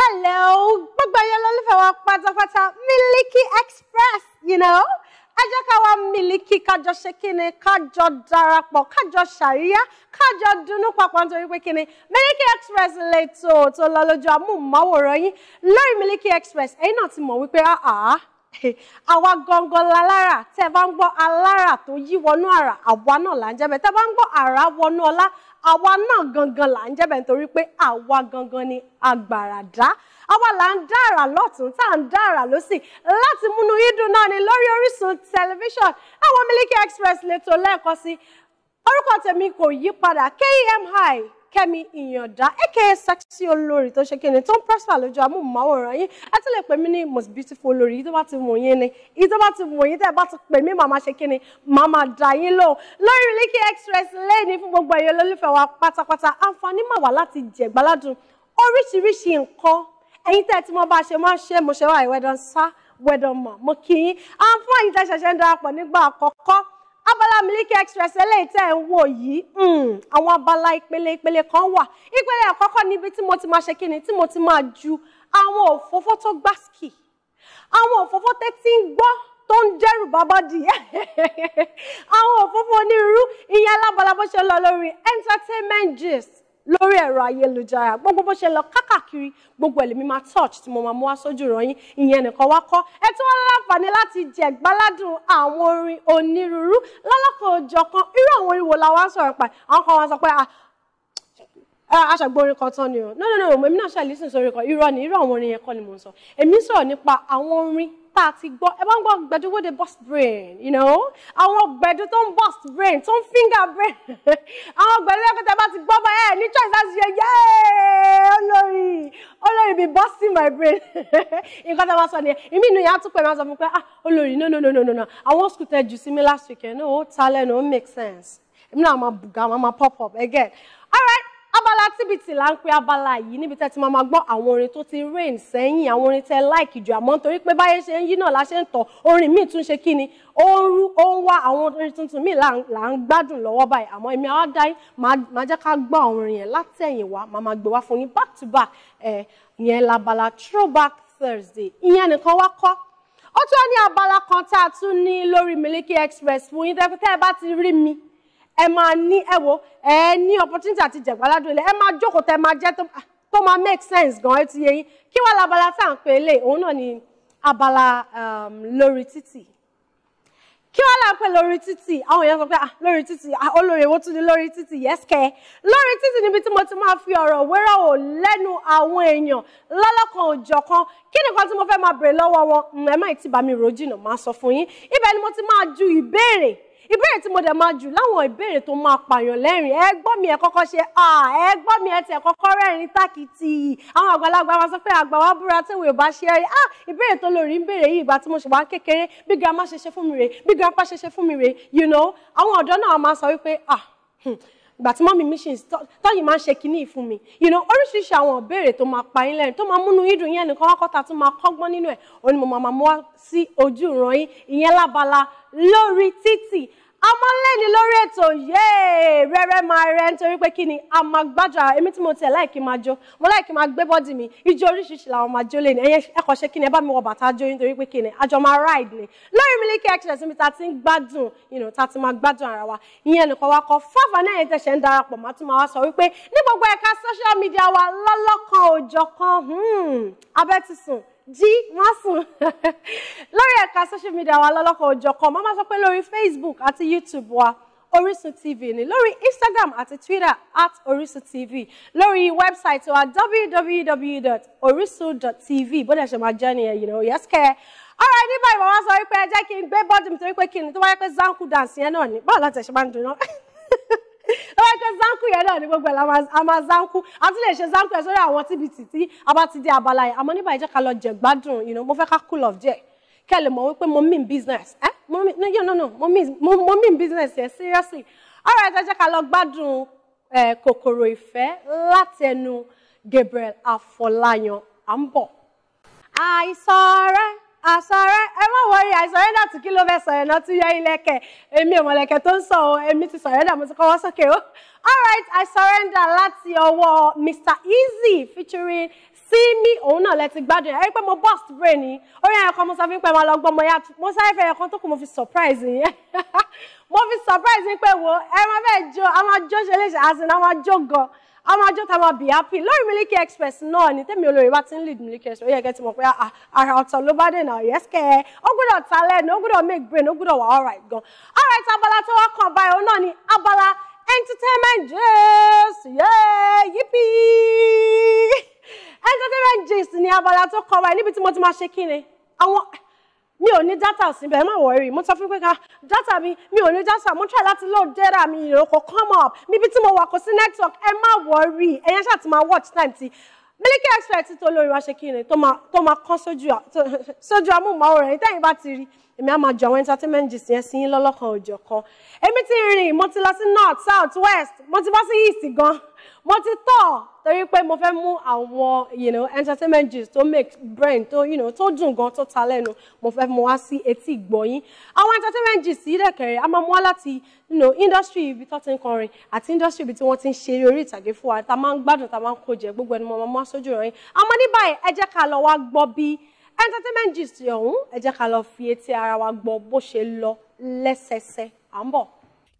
hello gbogbo ẹyọ lólùfẹ́ wa pátápátá miliki express you know ẹ jẹ́ ká wá miliki kájọ ṣe kíni kájọ darapọ̀ kájọ ṣàríyá kájọ dunnú papọ̀ nítorí pé kíni miliki express lè tó tó lọ lójú amóhùnmáwòrán yín lórí miliki express ẹ̀yin náà ti mọ̀ wípé àá àwa gangan lálára tẹ́ bá ń gbọ́ alára tó yí wọnú àrà àwa náà là ń jẹ́ bẹ́ẹ̀ tẹ́ bá ń gbọ́ àrà wọnú ọlá àwa náà gangan là ń jẹ́ bẹ́ẹ̀ nítorí pé àwa gangan ni agbàràdá àwa là ń dá àrà lọ́tún tá à ń dá àrà lọ́sì láti múnú yídùn náà ni lórí Orísun tẹlifíṣàn àwọn Miliki Express lè tó lẹ́ẹ̀kan sí orúkọ tèmi kò yí padà KMI e Kẹ́mi Ìyàndá aka sexy olórí tó ṣe kí ni tó ń prosper lójú amóhùnmáwòrán yín ẹ tún lè pè mí ní most beautiful olórí yìí tó bá ti wù yín ni yìí tó bá ti wù yín tẹ́ bá ti pè mí màmá ṣe kí ni màmá dà yín lóhùn lórí Miliki Express lẹ́ẹ̀ni fún gbogbo ẹ̀yọ́ lólùfẹ́ wa pátápátá àǹfààní mà wá láti jẹ̀gbáládùn oríṣiríṣi nǹkan ẹ̀yin tẹ́ ti mọ bá a ṣe máa ń ṣe mo ṣe wá ìwẹ́dàn sá wẹ́dàn mọ̀ mo kì í àǹfààní tẹ́ ṣẹ̀ṣẹ̀ ń darapọ̀ nígbà àkọ́kọ́ abala Miliki Express eléyìí tẹ́ ẹ̀ ń wò yìí hmm, àwọn abala ìpele ìpele kan wà ìpele àkọ́kọ́ níbi tí mo ti máa ṣe kíni tí mo ti máa ju àwọn òfófó tó gbásìkì àwọn òfófó tẹ́ ti ń gbọ́ tó ń dẹ́rù bàbá dìé àwọn òfófó onírúurú ìyẹn alábala ṣe lọ lórí entertainment gist lórí ẹ̀rọ ayélujára gbogbo bó ṣe lọ kákàkiri gbogbo ẹ̀lẹ́mí máa touch tí mo máa mú wá sójú ìròyìn ìyẹn nìkan wá kọ́ ẹ tí wọ́n láǹfààní láti jẹ gbáládùn àwọn orin onírúurú lọ́lọ́kan òjọ̀kan irú àwọn orin wo la wá sọ̀rọ̀ pa àwọn kan wá sọ pé ah, aṣàgbọ́nrin kan tán ni o no no no èmi náà ṣe listen sórí kan irọ́ ni irọ́ àwọn orin yẹn kọ́ ni mò ń sọ èmi ń sọ̀rọ̀ nípa àwọn orin tá a ti gbọ́ ẹ bá ń gbọ́ gbẹ̀du wo de burst brain you know àwọn gbẹ̀du tó ń burst brain tó ń finger brain àwọn gbẹ̀du yẹn kọ́tà bá ti gbọ́ bá ẹ̀ ní choice láti ṣe yéé olórí olórí be busting my brain nǹkan tá a bá sọ nìyẹn ìmí inú yẹn á tún pẹ̀ máa sọ fún pé ah olórí no no no no no àwọn school tẹ jù sí mi last weekend no ó ta lẹ́nu make sense èmi náà máa bùgà máa pop up again all right abala tíbitì là ń pe abala yìí níbi tẹ́ ti máa ma gbọ́ àwọn orin tó ti rain sẹ́yìn àwọn orin tẹ́ láìkì jù àmọ́ nítorí pé báyé ṣe ń yí náà la ṣe ń tọ̀ orin míì tún ṣe kí ni ó ń wá àwọn orin tuntun míì là ń gbádùn lọ́wọ́ báyìí àmọ́ èmi àwọn dáì máa jẹ́ ká gbọ́ àwọn orin yẹn látẹ̀yìn wá máa ma gbé wá fún yín back to back yẹn labala throwback Thursday ìyẹn nìkan wá kọ́ ó tún ní abala kan tá a tún ní lórí Miliki Express fún yín tẹ́ pé tẹ́ ẹ bá ti rí mi ẹ máa ní ẹ wo ẹ ní opportunity àti jẹ̀gbáládùn ilẹ̀ ẹ máa jókòó tẹ máa jẹ́ ah, tó máa make sense gan ẹ ti yẹ yín kí wàá labala tá à ń pè é lè òun náà ni abala um, lórí títì kí wọ́n là ń pè lórí títì àwọn èèyàn sọ pé ah lórí títì ah olórí èwo tún ni lórí títì yes kẹ lórí títì níbi tí mo ti máa fi ọ̀rọ̀ wérò wò lẹ́nu àwọn èèyàn lọ́lọ́kan òjọ̀kan kí nìkan tí mo fẹ́ máa bèrè lọ́wọ́ wọn hmm, ẹ má ì tí bá mi rò jìnnà máa sọ fún yín ibẹ̀ ni mo ti máa ju ìbéèrè ìbéèrè tí mo dẹ̀ máa jù láwọn ìbéèrè tó máa pààyàn lẹ́rìn ẹ gbọ́ mi ẹ kọ́kọ́ ṣe ẹ gbọ́ mi ẹ tẹ̀ kọ́kọ́ rẹ́rìn tákìtì àwọn àgbàlagbà máa sọ pé àgbà wa búra tẹ̀wé ò bá ṣe rí ah ìbéèrè tó lórí ń béèrè yìí ìgbà tí mo ṣe wá kékeré bí grandma ṣe ṣe fún mi rè bí grandpa ṣe ṣe fún mi rè you know àwọn ọ̀dọ́ náà máa sọ wípé ah ìgbà tí mọ́mí mi ṣì ń tọ́yìn máa ń ṣe kinní ìfún mi you know oríṣiríṣi àwọn ìbéèrè tó máa pa yín lẹ́rìn tó máa múnú yín dùn yẹn nìkan wákọ́ta tó máa kọ́gbọ́n nínú ẹ̀ òun ni mo máa mú wá sí ojú ìran yín ìyẹn lábala lórí títì ọmọ lẹ́ni lórí ètò yéè rẹ́rẹ́ máa rẹ́ nítorí pé kí ni a máa gbájà èmi tí mo tẹ̀ láìkí máa jó mo láìkí máa gbé bọ́dì mi ijó oríṣiríṣi làwọn máa jó lé ní ẹyẹ ẹkọ ṣe kí ni ẹ bá mi wọ bàtà jó nítorí pé kí ni àjọ máa ride ni lórí Miliki Express mi ta ti ń gbádùn you know ta ti máa gbádùn ara wa ìyẹn nìkan wa kọ fáfà náà yẹn tẹ̀sẹ̀ ń darapọ̀ má tún máa wá sọ wípé ní gbogbo ẹ̀ka social media wa lọ́lọ́kan òjọ̀kan hmm, abẹ́ ti sùn jí má sùn lórí ẹ̀ka social media wa lọ́lọ́kan òjọ̀kan má má sọ pé lórí Facebook àti YouTube wa Orísun TV ni lórí Instagram àti Twitter at Orísun TV lórí website wa www.orisun.tv bóde ṣe máa jẹ́ nìyẹn yìí náà yẹ́sì kẹ́ ọ̀rọ̀ ẹni báyìí màmá sọ wípé ẹ jẹ́ kí n gbé bọ́ọ̀dù mi torí pé kí ni tó wáyé pé zanku dance yẹn náà ni báwo láti ẹ̀ ṣe máa ń dùn náà. lọ́wọ́ pé zanku yẹn náà ni gbogbo ẹ̀ la máa zanku a tún lè ṣe zanku yẹn sórí àwọn tíbi títí a bá ti dé abala yẹn àmọ́ níbàyí jẹ́ ká lọ jẹ̀ gbádùn you know mo fẹ́ ká cool off díẹ̀ kẹ́ ẹ lè mọ̀ wípé mo mean business ẹ́ eh? mo mean no no no mo mean mo mean business yẹn seriously ọ̀rọ̀ ẹ̀ jẹ́ ká lọ gbádùn eh, kòkòrò ìfẹ́ láti ẹnu Gabriel Afọláyan à ń bọ̀ àìsàn rẹ̀ àsọrẹ ẹ má wọrí àìsọrẹ́dà tí kí ló fẹ́ sọ̀rọ̀ náà tún yọ ilẹ̀kẹ̀ èmi ò mọ̀lẹ̀kẹ̀ tó ń sọ o èmi ti sọ̀rẹ́dà mo ti kọ́wọ́ sókè o all right I surrender láti ọwọ́ Mr Easy featuring Simi òun náà lẹ́ti gbádùn ẹ̀ pé mo burst brain yìí orí ẹ̀yàn kan mo sọ fún pé mo lọ gbọ́ mo yá mo sáré fẹ́ ẹ̀yàn kan tó kù mo fi surprise yẹn mo fi surprise yín pé wo ẹ máa fẹ́ jó a máa jó ṣe léṣe àsìn a máa jó gan a máa jó ta máa bì happy lórí Miliki Express náà ni tẹ́mi olórí bá ti ń lead Miliki Express ó yẹ kẹ́ ti mọ̀ pé ara ọ̀tọ̀ ló bá dènà yes kẹ́ ẹ ó gbọ́dọ̀ ta lẹ́nu ó gbọ́dọ̀ make brain ó gbọ́dọ̀ wà alright gan alright abala tó wá kàn báyìí òun náà ni abala entertainment gist yeah entertainment gist ni abala tó kàn báyìí níbi tí mo ti máa ṣe kí ni àwọn mi ò ní dátà síbẹ̀ ẹ má wọ̀rí mo sọ fún pé ká dátà mi mi ò ní dátà mo try láti load data mi ìròkò come up níbi tí mo wà kò sí network ẹ má wọ̀rí ẹ̀yẹn ṣáà ti máa watch time ti Miliki Express ti tó lórí wa ṣe kí ni tó máa kán sójú amóhùnmáwòrán yìí tẹ́yìn bá ti rí èmi á máa jọ àwọn entertainment gist yẹn sí yín lọ́lọ́kan òjọ̀kan èmi ti rìn mo ti lọ sí north south west mo ti bá sí east gan-an mo ti tọ̀ torí pé mo fẹ́ mú àwọn you know entertainment gist tó make brain tó you know tó dùn gan tó ta lẹ́nu mo fẹ́ mú wá sí etí ìgbọ̀yín àwọn entertainment gist yìí dẹ̀kẹ̀rẹ̀ a máa mú wá láti you know industry ibi tó ti ń kọrin àti industry ibi tí wọ́n ti ń ṣeré orí ìtàgé fún wa tá a máa ń gbádùn tá a máa ń kó jẹ gbogbo ẹni mo máa mú wá sójú rẹ̀ yín ní báyìí ẹ jẹ́ ká lọ wá gbọ́ bí entertainment gist ọ̀hún ẹ jẹ́ ká lọ fi etí ara wa gbọ́ bó ṣe lọ lẹ́sẹsẹ à ń bọ̀.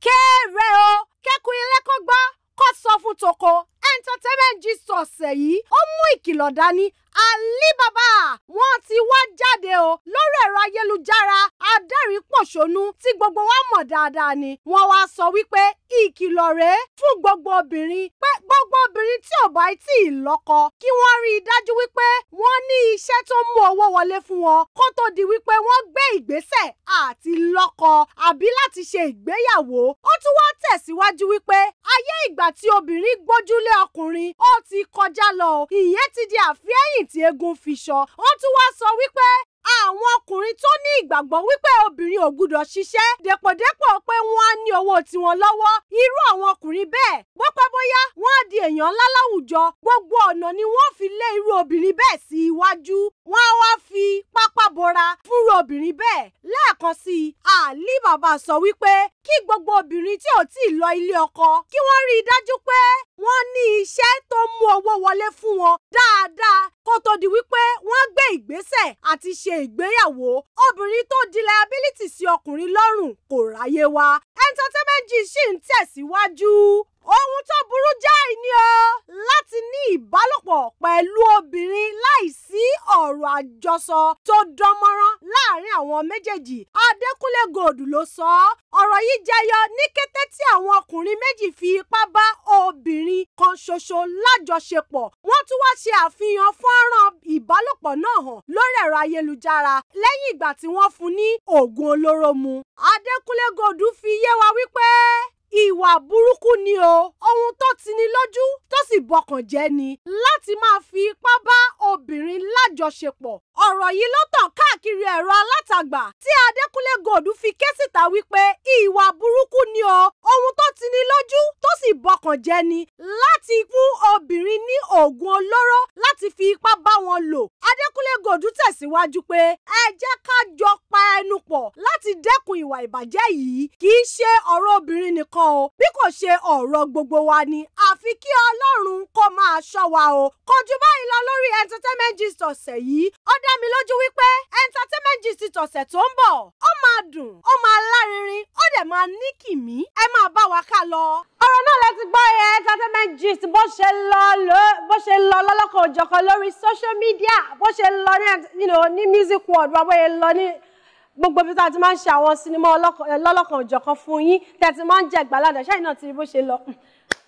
kéré o kẹ́kùn ilé kó gbọ́ kó sọ fún toko entertainment Jesus ọ̀sẹ̀ yìí ó mú ìkìlọ̀ dání alibaba wọ́n ti wá jáde o lórí ẹ̀rọ ayélujára adẹ́rìnpọ̀ṣónú tí gbogbo wa mọ̀ dáadáa ni wọ́n wá sọ wípé ìkìlọ̀ rèé fún gbogbo obìnrin pé gbogbo obìnrin tí ò bá tí ì lọ́kọ kí wọ́n rí i dájú wípé wọ́n ní iṣẹ́ tó mú owó wọlé fún wọn kó tó di wípé wọ́n gbé ìgbésẹ̀ àti lọ́kọ àbí láti ṣe ìgbéyàwó ó tún wá tẹ̀síwájú wípé ayé ìgbà tí obìnrin gbójúlé ilé ọkùnrin ó ti kọjá lọ o ìyẹn ti di àfihẹ́yìn tí eégún fi sọ ó tún wá sọ wípé àwọn ọkùnrin tó ní ìgbàgbọ́ wípé obìnrin ò gbúdọ̀ ṣiṣẹ́ dèpòdépò pé wọ́n á ní owó tiwọn lọ́wọ́ irú àwọn ọkùnrin bẹ́ẹ̀ bó pẹ́ bóyá wọ́n á di èèyàn ńlá láwùjọ gbogbo ọ̀nà ni wọ́n fi lé irú obìnrin bẹ́ẹ̀ sí iwájú wọ́n á wá fi pápá bora fúnrú obìnrin bẹ́ẹ̀ lẹ́ẹ̀kan sí i àlí bàbá sọ wípé kí gbogbo obìnrin tí ò tí ì lọ ilé ọkọ kí wọ́n rí i dájú pé wọ́n ní iṣẹ́ tó mú owó wọlé fún wọn dáadáa kó tó di wípé wọ́n gbé ìgbésẹ̀ àti ṣe ìgbéyàwó obìnrin tó di liability sí ọkùnrin lọ́rùn kò ráyé wá entertainment gist ṣì ń tẹ̀síwájú ohun tó burú jáì ni o láti ní ìbálòpọ̀ pẹ̀lú obìnrin láìsí ọ̀rọ̀ àjọsọ tó dán mọ́rán láàrin àwọn méjèèjì Adékúnlé Gold ló sọ ọ́ ọ̀rọ̀ yìí jẹyọ ní kété tí àwọn ọkùnrin méjì fi ipá bá obìnrin kan ṣoṣo lájọṣepọ̀ wọ́n tún wá ṣe àfihàn fọ́nrán ìbálòpọ̀ náà hàn lórí ẹ̀rọ ayélujára lẹ́yìn ìgbà tí wọ́n fún ní oògùn olóró mu Adékúnlé Gold fi yé wa wípé ìwà burúkú ni o ohun tó tini lójú tó sì bọkàn jẹ́ ni láti máa fi ipá bá obìnrin lájọṣepọ̀ ọ̀rọ̀ yìí ló tàn káàkiri ẹ̀rọ alátagbà tí Adékúnlé Gold fi ké síta wípé ìwà burúkú ni o ohun tó ti ní lójú tó sì bọkàn jẹ ni láti fún obìnrin ní oògùn olóró láti fi ipá bá wọn lò Adékúnlé Gold tẹ̀síwájú pé ẹ jẹ́ ká jọ pa ẹnu pọ̀ láti dẹ́kun ìwà ìbàjẹ́ yìí kì í ṣe ọ̀rọ̀ obìnrin nìkan o bí kò ṣe ọ̀rọ̀ gbogbo wa ni àfi kí Ọlọ́run kó máa ṣọ́ wa o kò jù báyìí lọ lórí entertainment entertainment gist ọ̀sẹ̀ yìí ó dá mi lójú wípé entertainment gist tọ̀sẹ̀ tó ń bọ̀ ó máa dùn ó máa lárinrin ó dẹ̀ máa ní kìmí ẹ máa bá wa ká lọ. ọ̀rọ̀ náà lẹ ti gbọ́ yẹ entertainment gist bó ṣe lọ bó ṣe lọ lọ́lọ́kan òjọ̀kan lórí social media bó ṣe lọ ní music world wa bó ṣe lọ ní gbogbo ibi tá a ti máa ń ṣe àwọn sinimá lọ́lọ́kan òjọ̀kan fún yín tẹ́ ti máa ń jẹ ìgbàládà ṣáà iná ti rí bó ṣe lọ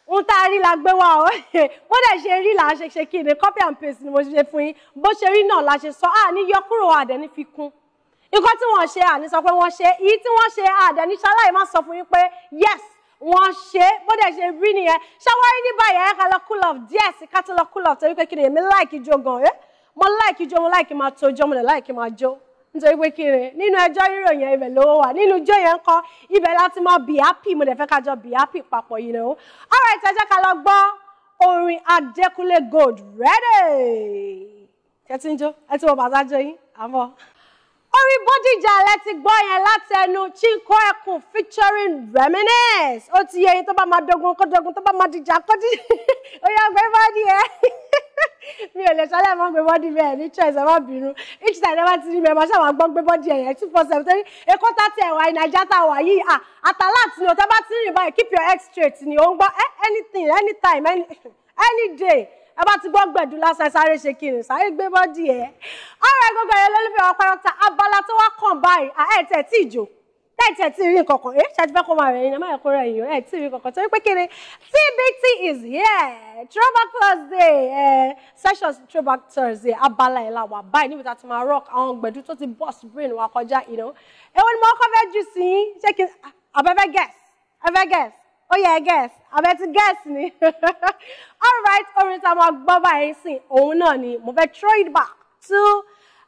ń tá a rí la gbé wá ọ bó de ṣe rí là á ṣe ṣe copy and paste ni mo ṣe fún yín bó ṣe rí náà la ṣe sọ àní yọ kúrò àdẹ́ni fi kún nǹkan tí wọ́n ṣe àní sọ pé wọ́n ṣe èyí tí wọ́n ṣe àdẹ́ni ṣaláì má sọ fún yín pé yes wọ́n ṣe bó dẹ̀ ṣe rí nìyẹn ṣáwárí ní báyìí ẹ̀ka lọ cool off díẹ̀ sí ká tó lọ cool off torí pé kí ni èmi láìkí eh? jó gan mo láìkí jó mo láìkí máa tó jó mo lè láìkí máa nítorí pé kí ni nínú ẹjọ́ rírò yẹn ibẹ̀ lówó wà nínú ijó yẹn kọ́ ibẹ̀ láti mọ be happy mo dẹ̀ fẹ́ ká jọ be happy papọ̀ yìí lẹ́wọ́ all right ẹ jẹ́ ká lọ gbọ́ orin Adékúnlé Gold ready ẹ ti ń jó ẹ ti wọ bàtà jó yín àmọ́ orin Bódìjà lẹ ti gbọ́ yẹn láti ẹnu Chinko Ẹkùn featuring Reminisce ó ti yẹ yín tó bá máa dogun kó dogun tó bá máa dìjà kó dìjà ó yẹ ọgbẹ́ bá dì mi ò lè ṣọlá máa ń gbé bọ́dì bẹ́ẹ̀ ní choice ẹ má bínú each time ẹ bá ti rí mi ẹ máa ṣàwọn gbọ́n gbé bọ́dì ẹ̀yẹ two four seven torí èkó tàti ẹ̀wà ìnàjà tá a wà yìí à àtàláàtì ni òtẹ́ bá ti rìn báyìí keep your eggs straight ni ò ń gbọ́ anything anytime any, any day ẹ bá ti gbọ́ gbẹ̀dú lásán sáré ṣe kí ni sáré gbé bọ́dì ẹ̀ ọ̀rọ̀ ẹ̀ gbogbo ẹ̀ lólùfẹ́ ọ̀pá ẹ̀ tí ẹ̀ tí rí nǹkan kan ẹ̀ ṣáàjú máa rẹ̀ yín náà máa kó rẹ̀ yín ẹ̀ tí rí nǹkan torí pé kéde TBT is here throwback thursday sessions throwback thursday abala ẹ̀ la wà báyìí níbi tá a ti máa rock àwọn gbẹ̀dú tó ti bust brain wa kọjá ìnáwó èwo ni mo kọ́ fẹ́ jù sí yín ṣé kí abẹ́fẹ́ guess abẹ́fẹ́ guess ó yẹ guess abẹ́ ti guess ni all right orin tá a máa gbọ́ báyìí sìn òun náà ni mo fẹ́ throw it back to.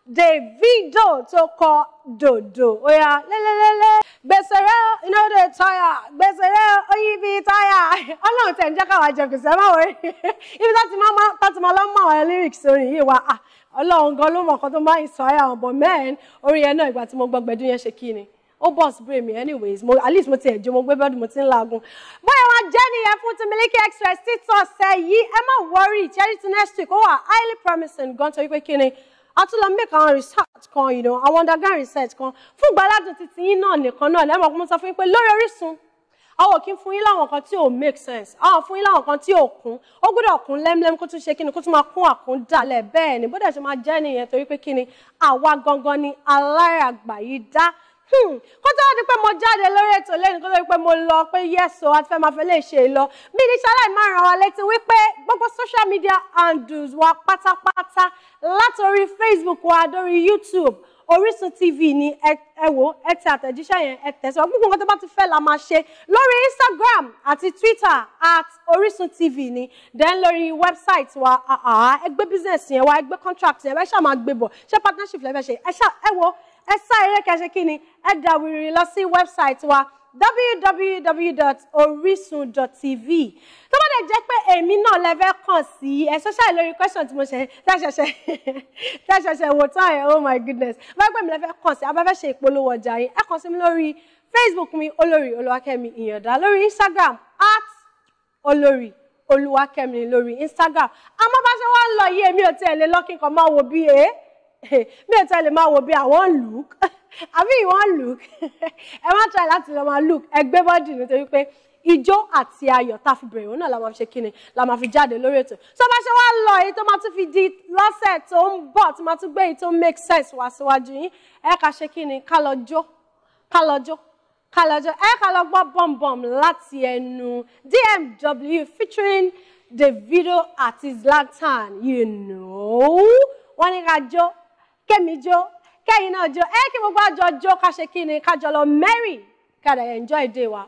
Davido tó kọ dòdò oya lélẹ́lẹ́lẹ́ gbèsè rẹ iná òde táyà gbèsè rẹ oyin bíi táyà ọlọ́run tẹ̀ ń jẹ́ káwa jẹ gbèsè máa wọlé ibi táti máa táti máa lọ́mọ àwọn lyrics orin yìí wa ah, ọlọ́run gan ló mọ̀ kan tó máa ń sọ ayé àwọn ọ̀bọ̀n mẹ́rin orin yẹn náà ìgbà tí mo gbọ́ gbẹdún yẹn ṣe kí ni ó bọ́ọ̀sì bèrè mi anyways mo at least mo ti ẹ̀jọ́ mo gbé bọ́ọ̀dù mo ti ń laagun. bóyá wá jẹ́ nìyẹn fún ti Miliki Express títọ́ ọ̀sẹ̀ yìí ẹ má worry charity next week ó wà highly promising gan torí pé kí ni a tún lọ make àwọn research kan you know àwọn underground research kan fún gbaládùn titi yín náà nìkan náà lẹ́mọ̀ kó mo sọ fún yín pé lórí Orísun àwọn kì í fún yín láwọn kan tí ò make sense àwọn fún yín láwọn kan tí ò kún ó gbọ́dọ̀ kún lẹ́mlẹ́m kó tún ṣe kíni kó tún máa kún àkún dalẹ̀ bẹ́ẹ̀ ni bó dẹ̀ ṣe máa jẹ́ nìyẹn torí pé kíni àwa gangan ni alára àgbà yìí dá Hmm. kó tó di pé mo jáde lórí ètò lẹ́nu kó tó di pé mo lọ pé yẹ́sọ̀ àti fẹ́ máa fẹ́ lè ṣe lọ bí ní ṣáláì máa ràn wá létí wípé gbogbo social media handles wa pátápátá látòrí Facebook wa dórí YouTube Orísun TV ni ẹ wò ẹ tẹ àtẹ̀jíṣẹ́ yẹn ẹ tẹ̀síwá gbogbo nǹkan tó bá ti fẹ́ la máa ṣe lórí Instagram àti Twitter at Orísun TV ni then lórí website wa ẹ gbé business yẹn wa ẹ contract yẹn wá ẹ ṣáà máa gbé bọ̀ ṣé partnership lẹ fẹ́ ṣe ẹ ṣáà ẹ ẹ sá eré kẹṣẹ kí ni ẹ lọ sí wẹ́bsáìtì wa www.orisun.tv tó bá dẹ̀ jẹ́ pé èmi náà lẹ kàn sí ẹ ṣọ́ṣà lórí question tí mo ṣe tẹ́ṣẹ̀ṣẹ̀ tẹ́ṣẹ̀ṣẹ̀ wò tán ẹ̀ oh my goodness bá pẹ́ mi lẹ fẹ́ kàn sí abáfẹ́ ṣe ìpolówó ọjà yín ẹ kàn sí mi lórí Facebook mi olórí olúwakẹ́mi ìyàndá lórí Instagram at olórí olúwakẹ́mi lórí Instagram àmọ́ bá ṣe wá ń lọ yí èmi ò tiẹ̀ lé lọ́kìn máa wo bí e. Eh? bẹ́ẹ̀ tẹ́ lè máa wo bí i àwọn look àbí ìwọ̀n look ẹ má try láti lọ máa look ẹgbẹ́ bọ́dì nítorí pé ijó àti ayọ̀ tá a fi bẹ̀rẹ̀ òun náà la máa fi ṣe kíni la máa fi jáde lórí ètò tó bá ṣe wá lọ èyí tó máa tún fi di lọ́sẹ̀ tó ń bọ̀ tó máa tún gbé èyí tó make sense wá síwájú yín ẹ ká ṣe kíni ká lọ jó ká lọ jó ká lọ jó ẹ ká lọ gbọ́ bọ̀m̀bọ̀m láti ẹnu DMW featuring Davido àti Zlatan you know wọ́n ní ká jó kẹ́mi jó kẹ́yìn náà jó ẹ kí gbogbo àjọ jó ká ṣe kí ni ká jọ lọ merry ká dẹ̀ enjoy day wa.